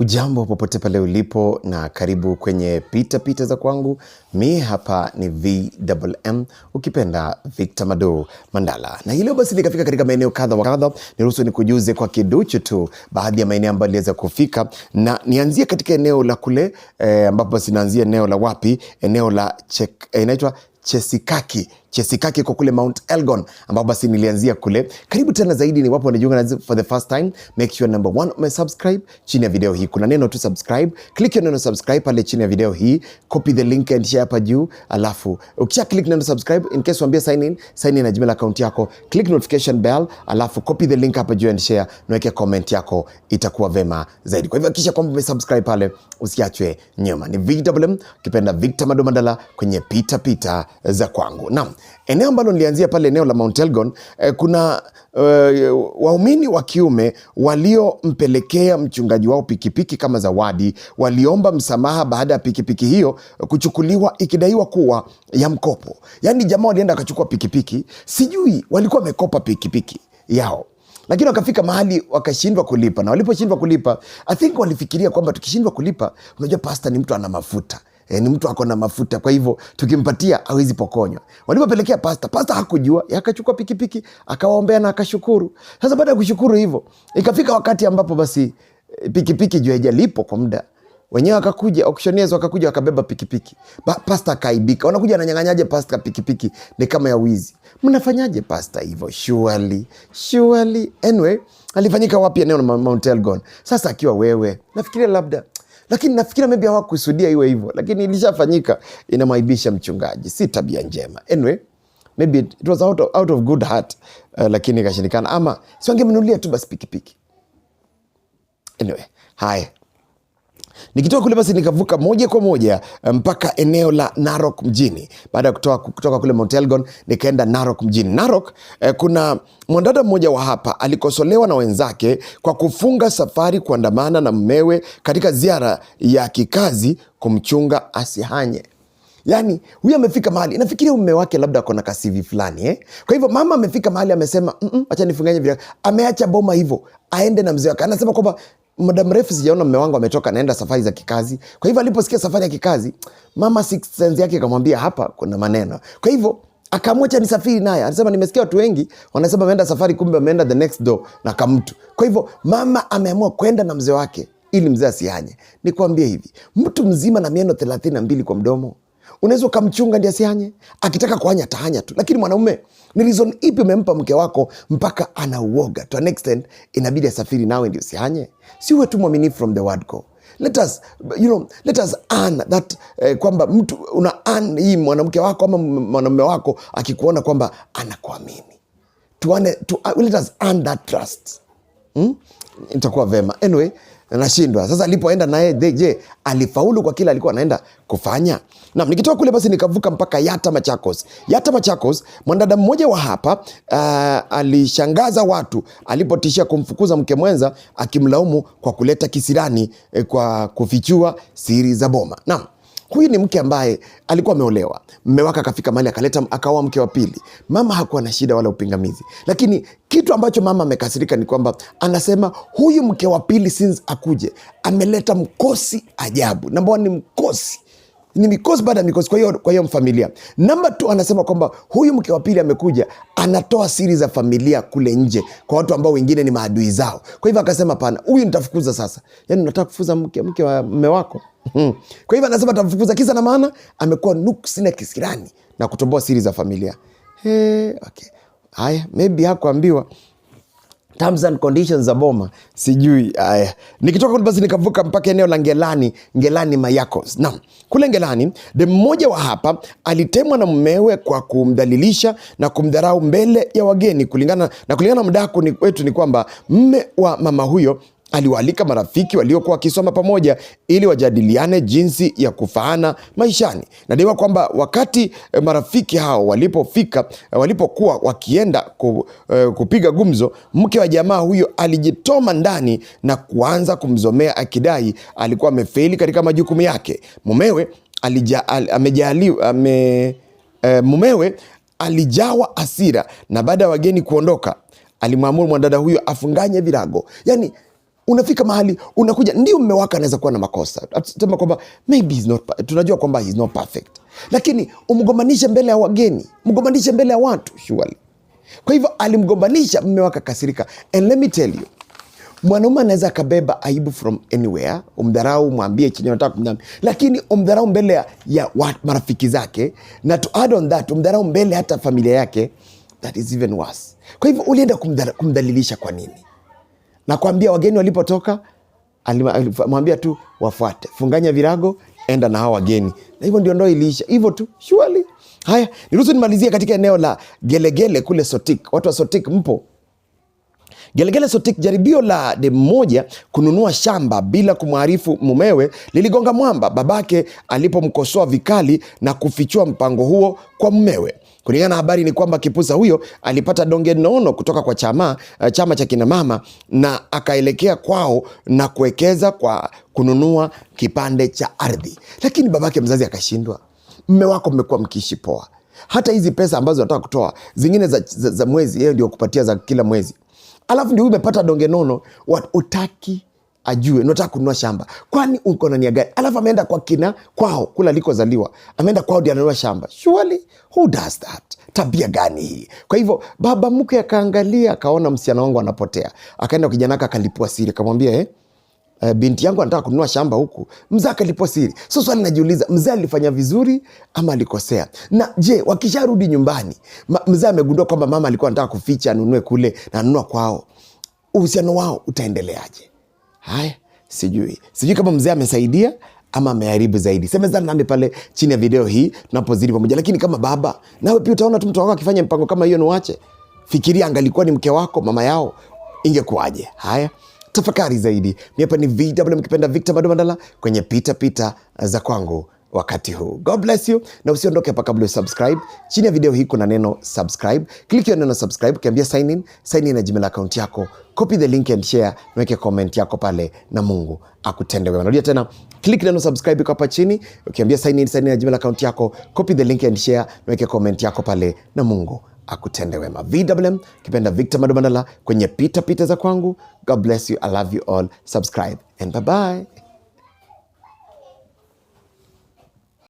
Hujambo popote pale ulipo na karibu kwenye pita pita za kwangu. Mi hapa ni VMM, ukipenda Victor Mado Mandala, na hilo basi nikafika katika maeneo kadha wa kadha. Niruhusu nikujuze kwa kiduchu tu baadhi ya maeneo ambayo niliweza kufika, na nianzie katika eneo la kule eh, ambapo, e, basi naanzia eneo la wapi, eneo la eh, inaitwa Chesikaki. Chesikaki kwa kule Mount Elgon ambapo basi nilianzia kule. Karibu tena zaidi ni wapo wanajiunga nasi for the first time. Make sure number one umesubscribe chini ya video hii. Kuna neno tu subscribe. Click hiyo neno subscribe pale chini ya video hii. Copy the link and share hapa juu. Alafu ukisha click neno subscribe in case waambia sign in, sign in na Gmail account yako. Click notification bell, alafu copy the link hapa juu and share na comment yako itakuwa vema zaidi. Kwa hivyo hakikisha kwamba umesubscribe pale usiachwe nyuma. Ni VMM, kipenda Victor Mandala kwenye Pita Pita za kwangu. Naam, eneo ambalo nilianzia pale eneo la Mount Elgon eh, kuna eh, waumini wa kiume waliompelekea mchungaji wao pikipiki kama zawadi, waliomba msamaha baada ya pikipiki hiyo kuchukuliwa ikidaiwa kuwa ya mkopo. Yaani jamaa walienda akachukua pikipiki, sijui walikuwa wamekopa pikipiki yao lakini wakafika mahali wakashindwa kulipa, na waliposhindwa kulipa, I think walifikiria kwamba tukishindwa kulipa, unajua pasta ni mtu ana mafuta, e, ni mtu ako na mafuta, kwa hivyo tukimpatia awezi pokonywa. Walipopelekea pasta, pasta hakujua, akachukua pikipiki akawaombea na akashukuru. Sasa baada ya kushukuru hivyo, ikafika wakati ambapo basi eh, pikipiki juu haijalipo kwa muda wenyewe wakakuja auctioneers wakakuja wakabeba pikipiki ba, pasta kaibika. Wanakuja wananyang'anyaje pasta pikipiki? Ni kama ya wizi. Mnafanyaje pasta hivyo? surely surely. Anyway, alifanyika wapi? Eneo la Mount Elgon. Sasa akiwa wewe, nafikiria labda lakini nafikiri maybe hawakusudia iwe hivyo, lakini ilishafanyika, inamwaibisha mchungaji, si tabia njema. Anyway, maybe it was out of, out of good heart uh, lakini ikashindikana, ama siwangemnulia tu basi pikipiki. Anyway, haya Nikitoka kule basi nikavuka moja kwa moja eh, mpaka eneo la Narok mjini. Baada ya kutoka kutoka kule Mount Elgon nikaenda Narok mjini. Narok eh, kuna mwanadada mmoja wa hapa alikosolewa na wenzake kwa kufunga safari kuandamana na mmewe katika ziara ya kikazi kumchunga asihanye. Yaani huyu amefika mahali nafikiria mume wake labda ako na kasivi fulani eh? Kwa hivyo mama amefika mahali amesema, mm -mm, acha nifunganye vile. Ameacha boma hivyo aende na mzee wake, anasema kwamba muda mrefu sijaona mme wangu ametoka, naenda safari za kikazi. Kwa hivyo aliposikia safari ya kikazi, mama sixth sense yake ikamwambia hapa kuna maneno, kwa hivyo akamwacha nisafiri naye. Anasema nimesikia watu wengi wanasema ameenda safari, kumbe ameenda the next door na kamtu. Kwa hivyo mama ameamua kwenda na mzee wake ili mzee asianye. Nikwambie hivi, mtu mzima na meno thelathini na mbili kwa mdomo unaweza ukamchunga ndi asianye, akitaka kuanya tahanya tu, lakini mwanaume ni rizon ipi umempa mke wako mpaka anauoga? To an extent inabidi asafiri nawe ndi usianye Si uwe tu mwamini from the word Let us, you know, let us earn that eh, kwamba mtu una earn hii mwanamke wako ama mwanaume wako akikuona kwamba anakuamini to, to, uh, let us earn that trust. Hmm? Itakuwa vema anyway nashindwa sasa. Alipoenda naye, je, alifaulu kwa kile alikuwa anaenda kufanya? Naam, nikitoka kule basi nikavuka mpaka Yata Machakos. Yata Machakos, mwanadada mmoja wa hapa uh, alishangaza watu alipotishia kumfukuza mke mwenza akimlaumu kwa kuleta kisirani eh, kwa kufichua siri za boma. Naam. Huyu ni mke ambaye alikuwa ameolewa, mme wake akafika mahali akaleta akaoa mke wa pili. Mama hakuwa na shida wala upingamizi, lakini kitu ambacho mama amekasirika ni kwamba anasema huyu mke wa pili since akuje ameleta mkosi ajabu. Namba ni mkosi ni mikosi baada ya mikosi. Kwa hiyo kwa hiyo mfamilia namba tu anasema kwamba huyu mke wa pili amekuja anatoa siri za familia kule nje kwa watu ambao wengine ni maadui zao. Kwa hivyo akasema pana huyu nitafukuza sasa. Yani unataka kufukuza mke mke wa mme wako hmm. Kwa hivyo anasema atamfukuza, kisa na maana amekuwa nuksi na kisirani na kutoboa siri za familia. Hey, okay. Haya, maybe hakuambiwa terms and conditions za boma sijui. Aya, nikitoka kule basi nikavuka mpaka eneo la Ngelani, Ngelani Mayakos. Naam, kule Ngelani de mmoja wa hapa alitemwa na mumewe kwa kumdhalilisha na kumdharau mbele ya wageni. Kulingana na kulingana na mdako wetu ni kwamba mme wa mama huyo aliwaalika marafiki waliokuwa wakisoma pamoja ili wajadiliane jinsi ya kufaana maishani. Nadaiwa kwamba wakati eh, marafiki hao walipofika, eh, walipokuwa wakienda eh, kupiga gumzo, mke wa jamaa huyo alijitoma ndani na kuanza kumzomea akidai alikuwa amefeli katika majukumu yake. Mumewe alija, al, amejali, ame, e, mumewe alijawa asira na baada ya wageni kuondoka alimwamuru mwanadada huyo afunganye virago yani unafika mahali unakuja, ndio mme wako anaweza kuwa na makosa, atasema kwamba maybe he's not, tunajua kwamba he's not perfect, lakini umgombanishe mbele ya wageni, mgombanishe mbele ya watu surely. Kwa hivyo alimgombanisha mme wake, akasirika. And let me tell you, mwanaume anaweza akabeba aibu from anywhere, umdharau, mwambie chenye unataka kumdhambi, lakini umdharau mbele ya, ya marafiki zake, na to add on that, umdharau mbele hata familia yake, that is even worse. Kwa hivyo ulienda kumdhalilisha kwa nini? Nakwambia wageni walipotoka, alimwambia tu wafuate, funganya virago, enda na hao wageni, na hivyo ndio ndoa iliisha hivyo tu shuali. Haya, niruhusu nimalizie katika eneo la Gelegele kule Sotik. Watu wa Sotik mpo Gelegele Sotik, jaribio la dem mmoja kununua shamba bila kumwarifu mumewe liligonga mwamba babake alipomkosoa vikali na kufichua mpango huo kwa mumewe. Kulingana na habari ni kwamba kipusa huyo alipata donge nono kutoka kwa chama, eh, chama cha kinamama na akaelekea kwao na kuwekeza kwa kununua kipande cha ardhi, lakini babake mzazi akashindwa. Mme wako mmekuwa mkiishi poa, hata hizi pesa ambazo nataka kutoa zingine za, za, za mwezi yeye ndio kupatia za kila mwezi, alafu ndio umepata donge nono, utaki ajue nataka kununua shamba, kwani uko na nia gani? Alafu ameenda kwa kina kwao kula alikozaliwa, ameenda kwao ndio ananunua shamba. Surely who does that? Tabia gani hii? Kwa hivyo baba mke akaangalia akaona msichana wangu anapotea, akaenda kijana wake akalipua siri, akamwambia eh, eh, binti yangu anataka kununua shamba huku. Mzee akalipua siri. So swali najiuliza, mzee alifanya vizuri ama alikosea? Na je, wakisharudi nyumbani, mzee amegundua kwamba mama alikuwa anataka kuficha anunue kule na anunua kwao, uhusiano wao utaendeleaje? Haya, sijui sijui kama mzee amesaidia ama ameharibu zaidi. Semezana nami pale chini ya video hii tunapozidi pamoja. Lakini kama baba, nawe pia utaona tu mtu wako akifanya mpango kama hiyo, niwache fikiria, angalikuwa ni mke wako, mama yao, ingekuwaje? Haya, tafakari zaidi. Mi hapa ni mkipenda Victor Mandala kwenye pitapita pita za kwangu wakati huu. God bless you na usiondoke hapa kabla usubscribe. Chini ya video hii kuna neno subscribe. Click hiyo neno subscribe, kiambia sign in, sign in na Gmail account yako. Copy the link and share, niweke comment yako pale na Mungu akutende wema. Narudia tena, click neno subscribe hapa chini, ukiambia sign in, sign in na Gmail account yako. Copy the link and share, niweke comment yako pale na Mungu akutende wema. VMM kipenda Victor Mandala kwenye pita pita za kwangu. God bless you. I love you all. Subscribe and bye bye.